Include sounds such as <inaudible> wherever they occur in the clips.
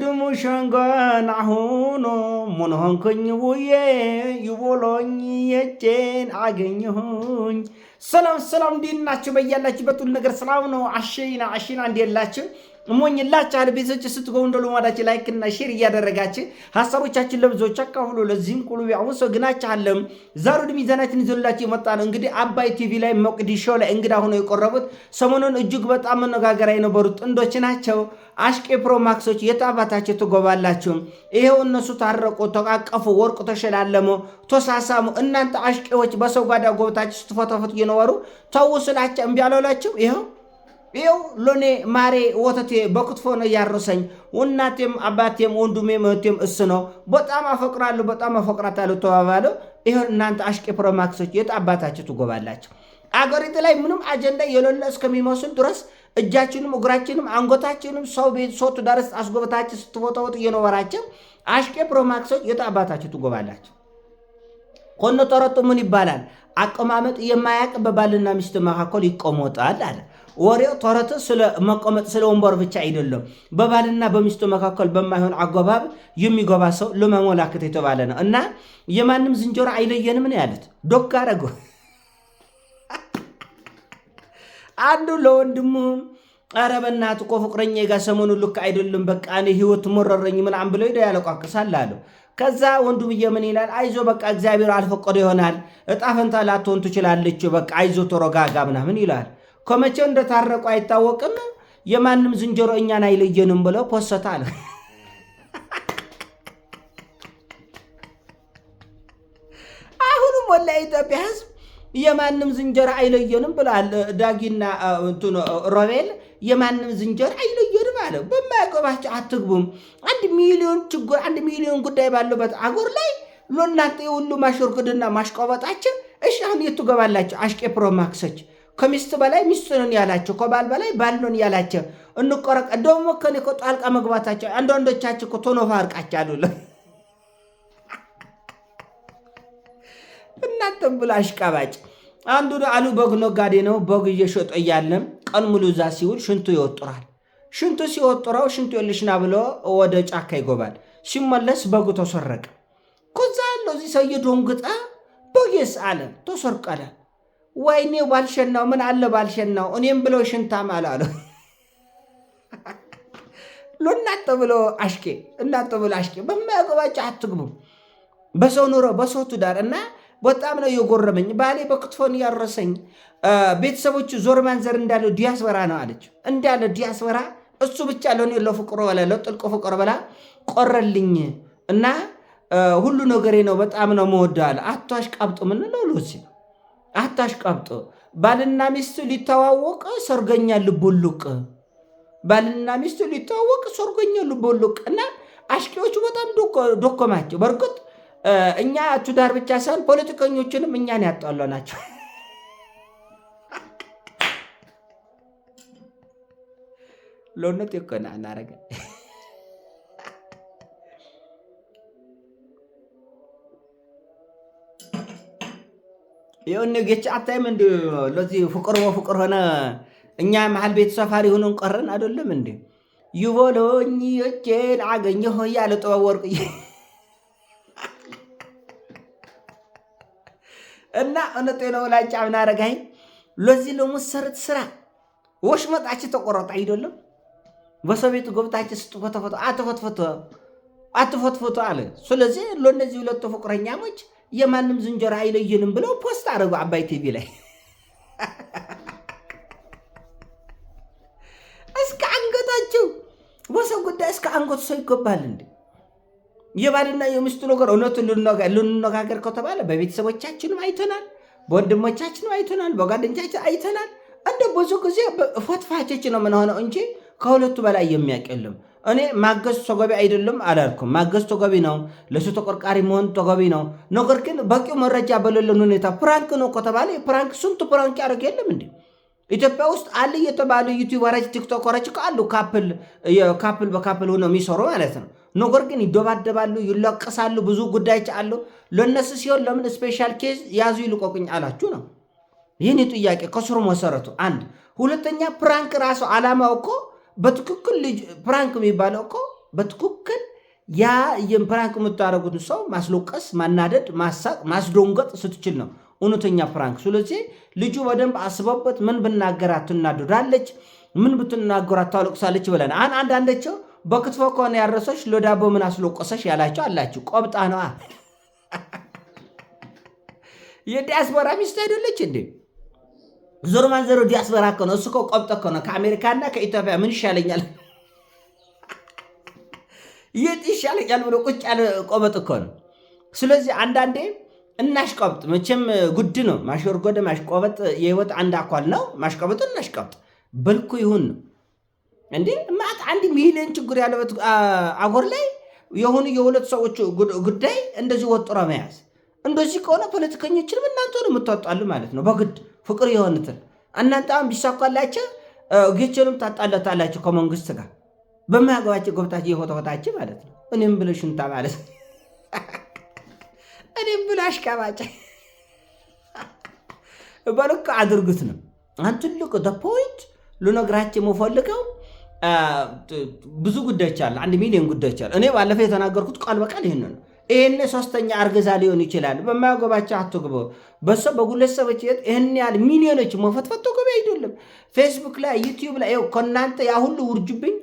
ድሙ ሸንጎን አሁኖ ምን ሆንኩኝ ውዬ ይቦሎኝ የጄን አገኘሁኝ። ሰላም ሰላም፣ እንዴት ናችሁ? በያላችሁበት ሁሉ ነገር ሰላም ነው። አሸና አሸና እንዴት ናችሁ? እሞኝላችኋል ቤቶች ስትገቡ እንደ ልማዳችን ላይክና ሼር እያደረጋችን ሀሳቦቻችን ለብዙዎች አካፍሎ ለዚህም ቁሉብ ያውሶ ግናችኋለም። ዛሩ ድም ይዘናችን ይዞላችሁ የመጣ ነው እንግዲህ አባይ ቲቪ ላይ መቅዲሾ ላይ እንግዳ ሆነው የቆረቡት ሰሞኑን እጅግ በጣም መነጋገሪያ የነበሩት ጥንዶች ናቸው። አሽቄ ፕሮ ማክሶች የታባታቸው ትጎባላችሁ። ይሄው እነሱ ታረቁ፣ ተቃቀፉ፣ ወርቁ ተሸላለሙ፣ ተሳሳሙ። እናንተ አሽቄዎች በሰው ጓዳ ጎብታችሁ ስትፈተፈቱ እየኖሩ ተውስላቸው እምቢ አላላችሁ ይኸው ይኸው ሎኔ ማሬ ወተቴ በክትፎ ነው ያረሰኝ። እናቴም አባቴም ወንድሜ መቴም እሱ ነው። በጣም አፈቅራለሁ፣ በጣም አፈቅራታለሁ ተባባለ። ይሁን እናንተ አሽቄ ፕሮማክሶች የት አባታችሁ ትጎባላችሁ? አገሪቱ ላይ ምንም አጀንዳ የሌለ እስከሚመስል ድረስ እጃችንም እግራችንም አንገታችንም ሰው ቤት ሰው ትዳር ውስጥ አስጎበታችሁ ስትወጠወጥ እየኖራችሁ አሽቄ ፕሮማክሶች የት አባታችሁ ትጎባላችሁ? ኮነ ተረጡ ምን ይባላል? አቀማመጥ የማያቅ በባልና ሚስት መካከል ይቆሞጣል አለ ወሬው ተረት ስለ መቀመጥ ስለ ወንበር ብቻ አይደለም። በባልና በሚስቱ መካከል በማይሆን አጓባብ የሚገባ ሰው ለመሞላክት የተባለ ነው እና የማንም ዝንጀሮ አይለየንም ነው ያለት። ዶግ አረጎ <laughs> አንዱ ለወንድሙ ኧረ በእናትህ እኮ ፍቅረኛ ጋር ሰሞኑ ልክ አይደለም፣ በቃ እኔ ህይወት ሞረረኝ ምናምን ብለው ሄደ ያለቋቅሳል አለው። ከዛ ወንዱ ብዬ ምን ይላል? አይዞ በቃ እግዚአብሔር አልፈቀደ ይሆናል እጣ ፈንታ ላትሆን ትችላለች፣ በቃ አይዞ ተረጋጋ ምናምን ይላል። ከመቼ እንደታረቁ አይታወቅም። የማንም ዝንጀሮ እኛን አይለየንም ብለው ፖሰታ አለ። አሁንም ወላ ኢትዮጵያ ህዝብ የማንም ዝንጀሮ አይለየንም ብለዋል። ዳጊና እንትኑ ሮቤል የማንም ዝንጀሮ አይለየንም አለ። በማያገባቸው አትግቡም። አንድ ሚሊዮን ችግር፣ አንድ ሚሊዮን ጉዳይ ባለበት አገር ላይ ለእናንተ የሁሉ ማሽርክድና ማሽቆበጣችን። እሺ አሁን የቱ ገባላቸው? አሽቄ ፕሮማክሶች ከሚስት በላይ ሚስት ነን ያላቸው ከባል በላይ ባል ነን ያላቸው እንቆረቀ ደግሞ ከኔ እኮ ጣልቃ መግባታቸው አንዳንዶቻቸው እኮ ቶኖፋ አርቃቻሉ <laughs> እናንተም ብሎ አሽቃባጭ አንዱ አሉ በግ ነጋዴ ነው። በግ እየሸጠ እያለም ቀን ሙሉ እዛ ሲውል ሽንቱ ይወጡራል። ሽንቱ ሲወጡረው ሽንቱ የልሽና ብሎ ወደ ጫካ ይጎባል። ሲመለስ በጉ ተሰረቀ። ከዛ ለዚህ ሰውዬ ዶንግጣ በጌስ አለ ተሰርቀለ ወይኔ ባልሸናው ምን አለ ባልሸናው እኔም ብሎ ሽንታም አላሉ ሉናጥ ብሎ አሽቄ እናጥ ብሎ አሽቄ በማያገባቸው አትግቡ። በሰው ኑሮ በሰው ትዳር እና በጣም ነው የጎረመኝ። ባሌ በክትፎን ያረሰኝ ቤተሰቦች ዞር ማንዘር እንዳለ ዲያስበራ ነው አለች እንዳለ ዲያስበራ እሱ ብቻ ለሆን የለው ፍቅሮ በላ ለጥልቅ ፍቅሮ በላ ቆረልኝ እና ሁሉ ነገሬ ነው በጣም ነው መወደዋል አቶ አሽቃብጡ ምንለው ሉሲ አታሽቃብጥ። ባልና ሚስት ሊተዋወቅ ሰርገኛ ልቦልቅ ባልና ሚስቱ ሊተዋወቅ ሰርገኛ ልቦልቅ እና አሽቂዎቹ በጣም ዶኮማቸው። በእርግጥ እኛ ትዳር ብቻ ሳይሆን ፖለቲከኞችንም እኛን ያጣሉ ናቸው። ለእውነት የኮና እናረገ ይሁን ጌቻ አታይም እንዲ ለዚህ ፍቅር ፍቅር ሆነ እኛ መሀል ቤት ሰፋሪ ሆኖን ቀረን አይደለም እንዴ? ይቦሎኝ እጄን አገኘሁ ያለ ጥበብ ወርቅ እና እነጤ ነው ላጫ ምናረጋይ ለዚህ ለሙሰርት ስራ ወሽ መጣች ተቆረጠ አይደለም በሰቤቱ ገብታች ስትፈተፈቶ አትፈትፈቶ አትፈትፈቶ አለ። ስለዚህ ለእነዚህ ሁለቱ ፍቅረኛሞች የማንም ዝንጀሮ አይለይንም ብለው ፖስት አደረጉ አባይ ቲቪ ላይ። እስከ አንገታቸው በሰው ጉዳይ እስከ አንገቱ ሰው ይገባል እንዴ? የባልና የሚስቱ ነገር እውነቱ ልንነጋገር ከተባለ በቤተሰቦቻችንም አይተናል፣ በወንድሞቻችንም አይተናል፣ በጓደኞቻችን አይተናል። እንደ ብዙ ጊዜ ፎትፋቾች ነው የምንሆነው እንጂ ከሁለቱ በላይ የሚያውቅ የለም። እኔ ማገዝ ተገቢ አይደለም አላልኩም። ማገዝ ተገቢ ነው፣ ለሱ ተቆርቋሪ መሆን ተገቢ ነው። ነገር ግን በቂው መረጃ በሌለን ሁኔታ ፕራንክ ነው ከተባለ ፕራንክ ስንቱ ፕራንክ ያደርግ የለም እንዴ? ኢትዮጵያ ውስጥ አለ የተባሉ ዩቲዩበሮች፣ ቲክቶከሮች ካሉ ካፕል በካፕል ሆነው የሚሰሩ ማለት ነው። ነገር ግን ይደባደባሉ፣ ይለቀሳሉ፣ ብዙ ጉዳዮች አሉ። ለነሱ ሲሆን ለምን ስፔሻል ኬዝ ያዙ ይልቆቅኝ አላችሁ ነው? ይህን ጥያቄ ከስሩ መሰረቱ አንድ። ሁለተኛ ፕራንክ ራሱ አላማው እኮ በትክክል ልጅ ፕራንክ የሚባለው እኮ በትክክል ያ የፕራንክ የምታደርጉትን ሰው ማስለቀስ፣ ማናደድ፣ ማሳቅ፣ ማስደንገጥ ስትችል ነው እውነተኛ ፕራንክ። ስለዚህ ልጁ በደንብ አስበበት ምን ብናገራ ትናደዳለች፣ ምን ብትናገራ ታለቅሳለች ብለን አንዳንዳቸው በክትፎ ከሆነ ያረሰች ለዳቦ ምን አስለቀሰች ያላቸው አላችሁ። ቆብጣ ነዋ <laughs> የዲያስፖራ ሚስት አይደለች እንዴ? ዞሮ ማንዘሮ ዘሮ ዲያስፖራ እኮ ነው። እሱ እኮ ቆብጦ እኮ ነው። ከአሜሪካና ከኢትዮጵያ ምን ይሻለኛል፣ <laughs> የት ይሻለኛል ብሎ ቁጭ ያለ ቆበጥ እኮ ነው። ስለዚህ አንዳንዴ እናሽቆብጥ፣ መቼም ጉድ ነው ማሽወርጎደ፣ ማሽቆበጥ የህይወት አንድ አኳል ነው። ማሽቆበጡ እናሽቆብጥ፣ በልኩ ይሁን ነው እንዴ ማት አንድ ሚሊዮን ችግር ያለበት አገር ላይ የሆኑ የሁለት ሰዎች ጉዳይ እንደዚህ ወጥሮ መያዝ፣ እንደዚህ ከሆነ ፖለቲከኞችንም እናንተ ነው የምትወጣሉ ማለት ነው በግድ ፍቅር የሆኑትን እናንተ አሁን ቢሳኳላችሁ ጌቸንም ታጣለታላቸው ከመንግስት ጋር በማያገባቸው ገብታቸው የሆተሆታቸው ማለት ነው። እኔም ብለ ሽንታ ማለት <laughs> እኔም ብለ አሽቃባጭ <laughs> በልክ አድርጉት ነው። አሁን ትልቅ ፖይንት ልነግራቸው የምፈልገው ብዙ ጉዳዮች አለ። አንድ ሚሊዮን ጉዳዮች አለ። እኔ ባለፈው የተናገርኩት ቃል በቃል ይህን ነው። ይህን ሶስተኛ አርግዛ ሊሆን ይችላል። በማያገባቸው አትግቡ። በሷ በግለሰቦች ት ይህን ያህል ሚሊዮኖች መፈትፈት ተገቢ አይደለም። ፌስቡክ ላይ ዩቲዩብ ላይ ከእናንተ ያ ሁሉ ውርጅብኝ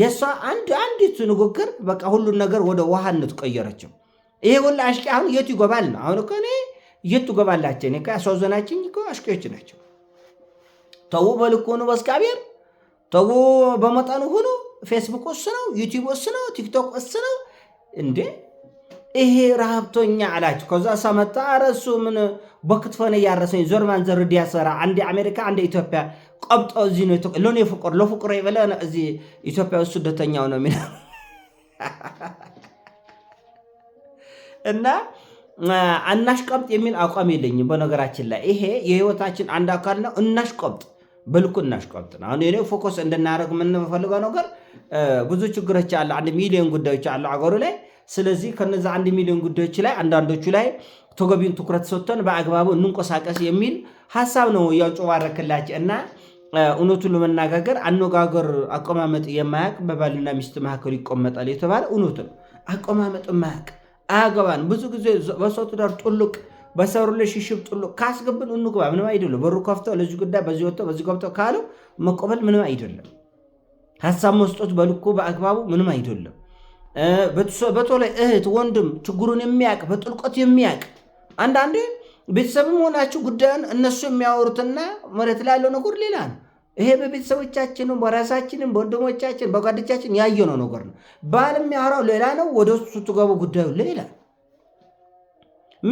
የእሷ አንድ አንዲቱ ንግግር በቃ ሁሉን ነገር ወደ ውሃነት ቀየረችው። ይሄ ሁሉ አሽቂ አሁን የቱ ይገባል ነው? አሁን እኮ እኔ የቱ ይገባላቸው? እኔ ያሳዘናችኝ እኮ አሽቄዎች ናቸው። ተዉ በልክ ሆኑ፣ በእግዚአብሔር ተዉ፣ በመጠኑ ሁኑ። ፌስቡክ እሱ ነው፣ ዩቲዩብ እሱ ነው፣ ቲክቶክ እሱ ነው እንዴ ይሄ ረሃብቶኛ አላችሁ። ከዛ ሰመጣ አረሱ ምን በክትፎን እያረሰኝ ዞርማን ዘርድ ያሰራ አንዴ አሜሪካ አንዴ ኢትዮጵያ ቀብጦ እዚ ነው ሎኔ ፍቁር ለፍቁር ይበለ እዚ ኢትዮጵያ ውስጥ ስደተኛው ነው ሚና እና አናሽ ቀብጥ የሚል አቋም የለኝም። በነገራችን ላይ ይሄ የህይወታችን አንድ አካል ነው። እናሽ ቀብጥ በልኩ እናሽ ቀብጥ ነው። አሁን የኔ ፎከስ እንድናደርግ የምንፈልገው ነገር ብዙ ችግሮች አለ። አንድ ሚሊዮን ጉዳዮች አሉ አገሩ ላይ ስለዚህ ከነዚ አንድ ሚሊዮን ጉዳዮች ላይ አንዳንዶቹ ላይ ተገቢውን ትኩረት ሰጥተን በአግባቡ እንንቆሳቀስ የሚል ሀሳብ ነው እያንጸባረክላቸው እና እውነቱን ለመነጋገር አነጋገር አቀማመጥ የማያቅ በባልና ሚስት መካከል ይቆመጣል የተባለ እውነት ነው። አቀማመጥ ማያቅ አያገባን። ብዙ ጊዜ በሰው ትዳር ጥልቅ በሰው ሪሌሽንሽፕ ጥልቅ ካስገብን እንግባ፣ ምንም አይደለም። በሩ ከፍተው ለዚህ ጉዳይ በዚህ ወጥተው በዚህ ገብተው ካለው መቆበል ምንም አይደለም። ሀሳብ መስጦት በልኩ በአግባቡ ምንም አይደለም። በተለይ እህት ወንድም ችግሩን የሚያቅ በጥልቀት የሚያቅ አንዳንዴ ቤተሰብም ሆናችሁ ጉዳዩን እነሱ የሚያወሩትና መሬት ላይ ያለው ነገር ሌላ ነው። ይሄ በቤተሰቦቻችንም በራሳችንም በወንድሞቻችን በጓደቻችን ያየነው ነገር ነው። ባል የሚያወራው ሌላ ነው። ወደ ውስጥ ስትገቡ ጉዳዩ ሌላ፣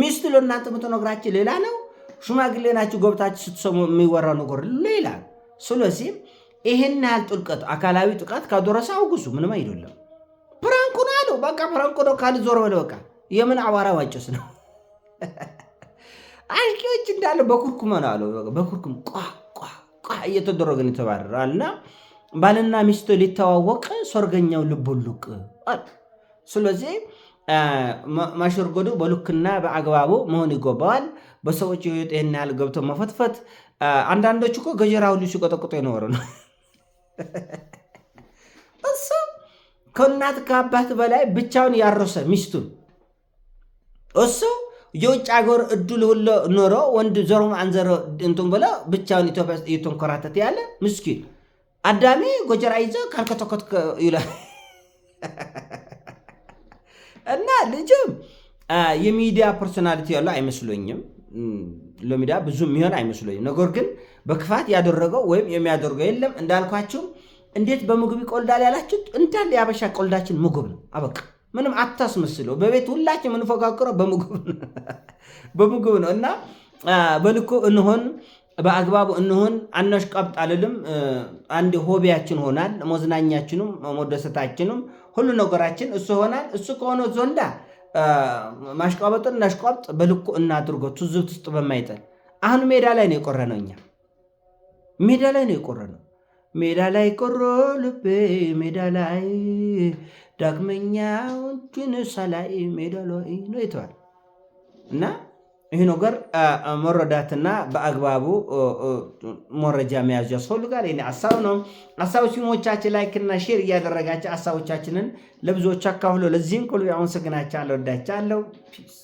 ሚስት ለእናንተ የምትነግራችሁ ሌላ ነው። ሽማግሌ ናችሁ ገብታችሁ ስትሰሙ የሚወራው ነገር ሌላ ስለዚህ ይህን ያህል ጥልቀት አካላዊ ጥቃት ከደረሰ አውግሱ፣ ምንም አይደለም። በቃ ፍራንኮ ነው ካል ዞር በል በቃ። የምን አቧራ ዋጭስ ነው <laughs> አሽቂዎች እንዳለ በኩርኩም ነው አለው። በኩርኩም ቋ ቋ ቋ እየተደረገን የተባረራል እና ባልና ሚስቶ ሊተዋወቅ ሰርገኛው ልቡልቅ። ስለዚህ ማሸርጎዱ በልክና በአግባቡ መሆን ይገባዋል። በሰዎች ህይወት ይህን ያህል ገብቶ መፈትፈት አንዳንዶች እኮ ገጀራ ሁሉ ሲቆጠቁጦ ይኖሩ ነው። <laughs> ከእናት ከአባት በላይ ብቻውን ያረሰ ሚስቱን እሱ የውጭ ሀገር እድል ሁሎ ኖሮ ወንድ ዘሮም አንዘሮ እንትን ብሎ ብቻውን ኢትዮጵያ እየተንኮራተተ ያለ ምስኪን አዳሚ ጎጀራ ይዞ ካልከተኮት ይላ <laughs> እና ልጅም የሚዲያ ፐርሶናሊቲ ያለው አይመስሎኝም ለሚዲያ ብዙ የሚሆን አይመስሎኝም። ነገር ግን በክፋት ያደረገው ወይም የሚያደርገው የለም እንዳልኳችሁም እንዴት በምግብ ይቆልዳል ያላችሁ እንዳለ የአበሻ ቆልዳችን ምግብ ነው። አበቃ ምንም አታስመስለው። በቤት ሁላችን የምንፎካክረው በምግብ <laughs> በምግብ ነው እና በልኩ እንሆን፣ በአግባቡ እንሆን። ቀብጥ አልልም። አንድ ሆቢያችን ሆናል። መዝናኛችንም መደሰታችንም ሁሉ ነገራችን እሱ ሆናል። እሱ ከሆነ ዞንዳ ማሽቋበጥን እናሽቋብጥ፣ በልኩ እናድርጎ። ትዝብት ውስጥ በማይጠል አሁን ሜዳ ላይ ነው የቆረነው። እኛ ሜዳ ላይ ነው የቆረነው። ሜዳ ላይ ቆሮ ልቤ ሜዳ ላይ ዳግመኛ እጁን ሳላይ ሜዳ ላይ ነው ይተዋል እና ይህ ነገር መረዳትና በአግባቡ መረጃ መያዝ ያስፈልጋል። ይ ሀሳብ ነው። ሀሳብ ሲሞቻችን ላይክና ሼር እያደረጋቸው ሀሳቦቻችንን ለብዙዎች አካፍሎ ለዚህም ሁሉ አመሰግናቸዋለሁ፣ ወዳቸዋለሁ። ፒስ